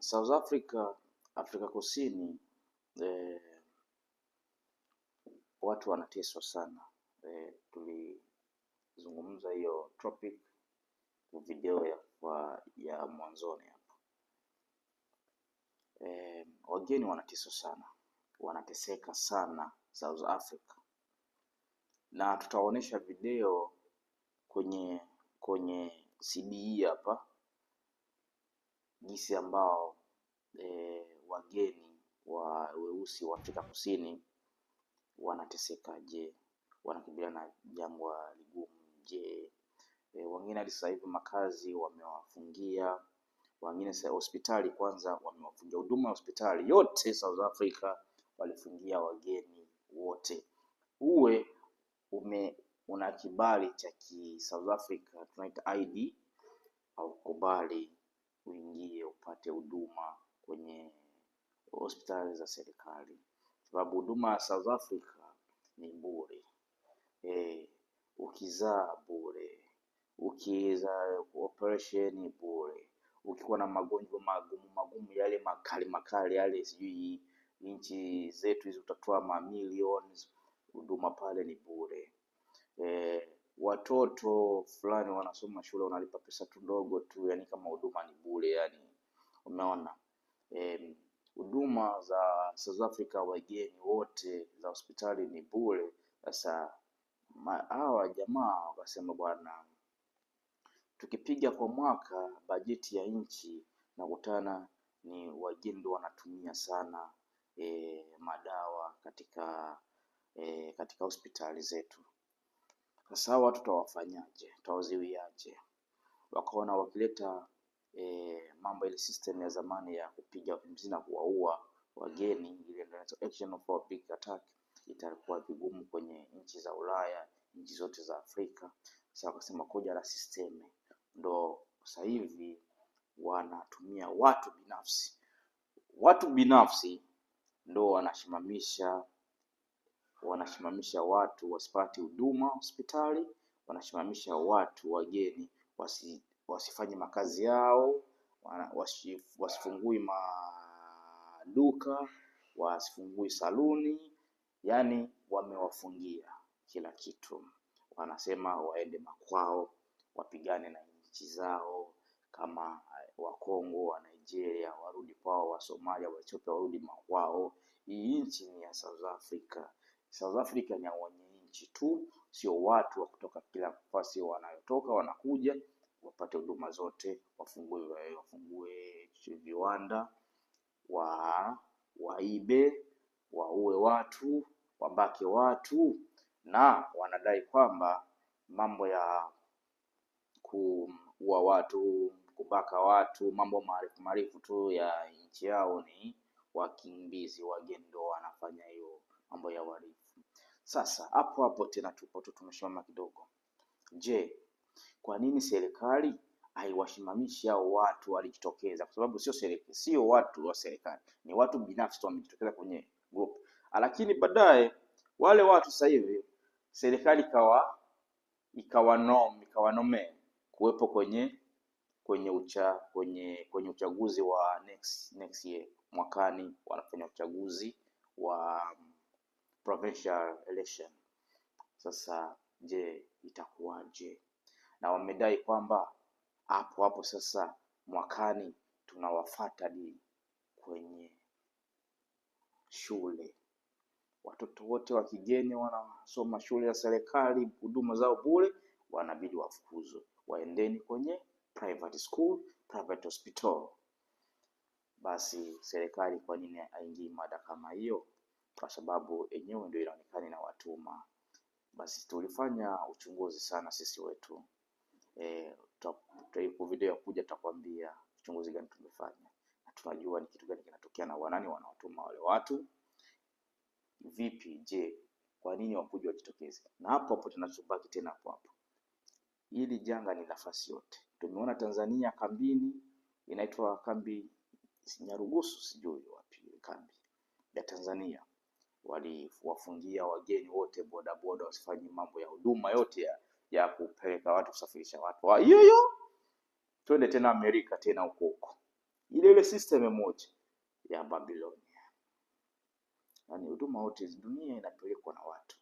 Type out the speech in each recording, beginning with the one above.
South Africa, Afrika Kusini eh, watu wanateswa sana eh, tulizungumza hiyo topic video ya, ya mwanzoni hapo eh, wageni wanateswa sana, wanateseka sana South Africa, na tutaonyesha video kwenye kwenye CD e hapa jinsi ambao e, wageni wa weusi wa Afrika Kusini wanateseka. Je, wanakimbilia na jangwa ligumu? Je, e, wengine hadi sasa hivi makazi wamewafungia, wengine hospitali kwanza wamewafungia, huduma ya hospitali yote South Africa walifungia wageni wote. Uwe ume una kibali cha ki South Africa tunaita ID au kubali uingie upate huduma kwenye hospitali za serikali, sababu huduma ya South Africa ni bure. E, ukizaa bure, ukiza operesheni bure, ukikuwa na magonjwa magumu magumu yale makali makali yale, sijui nchi zetu hizi utatoa mamilioni, huduma pale ni bure e watoto fulani wanasoma shule, wanalipa pesa tu ndogo tu, yani kama huduma ni bure, yani umeona huduma e, za South Africa wageni wote za hospitali ni bure. Sasa hawa jamaa wakasema, bwana, tukipiga kwa mwaka bajeti ya nchi nakutana ni wageni ndio wanatumia sana e, madawa katika e, katika hospitali zetu. Sasa watu tutawafanyaje? Tutawaziwiaje? Wakaona wakileta e, mambo ile system ya zamani ya kupiga mzi na kuwaua wageni, ile xenophobic attack itakuwa vigumu kwenye nchi za Ulaya, nchi zote za Afrika. Sasa wakasema koja la system, ndo sasa hivi wanatumia watu binafsi, watu binafsi ndo wanasimamisha wanasimamisha watu wasipate huduma hospitali, wanasimamisha watu wageni wasi, wasifanye makazi yao, wasifungui maduka, wasifungui saluni, yani wamewafungia kila kitu. Wanasema waende makwao, wapigane na nchi zao kama eh, Wakongo wa Nigeria, warudi kwao, Wasomalia, Ethiopia warudi makwao. Hii nchi ni ya South Africa. South Africa ni ya wananchi tu, sio watu wa kutoka kila nafasi wanayotoka, wanakuja wapate huduma zote, wafungue wafungue viwanda, wa waibe, waue watu, wabake watu, na wanadai kwamba mambo ya kuua watu, kubaka watu, mambo maarifu maarifu tu ya nchi yao ni wakimbizi, wageni ndio wanafanya hiyo mambo ya uhalifu. Sasa hapo hapo tena tupo tu tumesimama kidogo. Je, kwa nini serikali haiwashimamishi hao watu walijitokeza? Kwa sababu sio serikali, sio watu wa serikali, ni watu binafsi wamejitokeza kwenye group, lakini baadaye wale watu sasa hivi serikali ikawa ikawanom ikawanome kuwepo kwenye kwenye ucha kwenye kwenye uchaguzi wa next next year, mwakani wanafanya uchaguzi wa provincial election. Sasa je, itakuwaje? Na wamedai kwamba hapo hapo sasa mwakani tunawafata di kwenye shule, watoto wote wa kigeni wanasoma shule ya serikali, huduma zao bure, wanabidi wafukuzwe, waendeni kwenye private school, private hospital. Basi serikali kwa nini haingii mada kama hiyo? kwa sababu yenyewe ndio inaonekana inawatuma. Basi tulifanya uchunguzi sana sisi wetu e, video ya kuja tutakwambia uchunguzi gani tumefanya na tunajua ni kitu gani kinatokea na wanani wanaotuma wale watu vipi. Je, kwa nini wakuja wajitokeze? Na hapo hapo tunachobaki tena hapo hapo, hili janga ni nafasi yote. Tumeona Tanzania kambini, inaitwa kambi Nyarugusu, sijui wapi kambi ya Tanzania waliwafungia wageni wote bodaboda wasifanye mambo ya huduma yote ya, ya kupeleka watu kusafirisha watu. Hiyo hiyo twende tena Amerika tena huko huko, ile ile system moja ya Babilonia. Yani huduma wote dunia inapelekwa na watu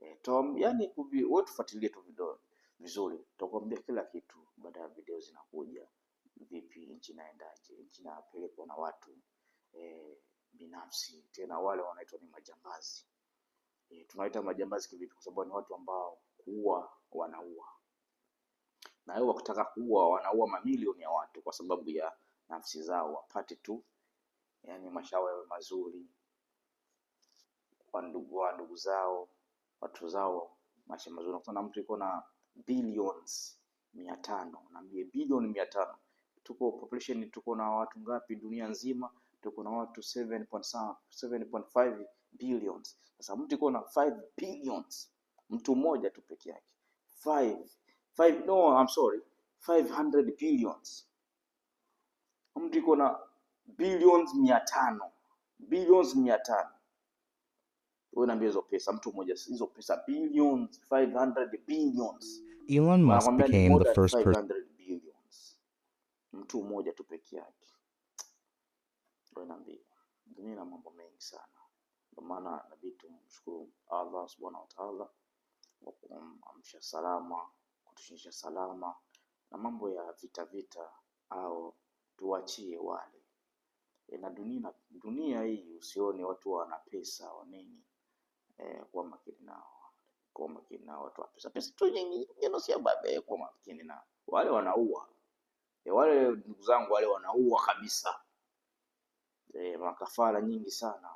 e, Tom, yani watu fuatilie tu video vizuri, tutakwambia kila kitu baada ya video zinakuja. Vipi nchi inaendaje? Nchi inapelekwa na watu e, binafsi, tena wale wanaitwa ni majambazi. E, eh, tunaita majambazi kivipi? Kwa sababu ni watu ambao kuua wanaua, na wao wakitaka kuua wanaua mamilioni ya watu kwa sababu ya nafsi zao wapate tu, yani mashawa yawe mazuri, kwa ndugu wa ndugu zao, watu zao, maisha mazuri. Kuna mtu yuko na billions mia tano na bilioni mia tano tuko population, tuko na watu ngapi dunia nzima? ndio kuna watu 7.5 billions. Sasa mtu iko na 5 billions, mtu mmoja tu peke yake 5 5 no I'm sorry 500 billions, mtu iko na billions mia tano billions mia tano wewe naambia hizo pesa mtu mmoja hizo pesa billions 500 billions. Elon Musk became the first person. Mtu mmoja tu peke yake arobaini na mbili dhamira mambo mengi sana. Ndio maana nabii tumshukuru Allah subhanahu wa ta'ala kwa kumamsha salama, kutushinisha salama na mambo ya vita vita au tuachie wale e, na dunia, dunia hii usione watu wana pesa nini e, kwa makini nao kwa makini na watu wa pesa pesa tu nyingi ndio si babe, kwa makini na wale wanaua e, wale ndugu zangu wale wanaua kabisa Eh, makafara nyingi sana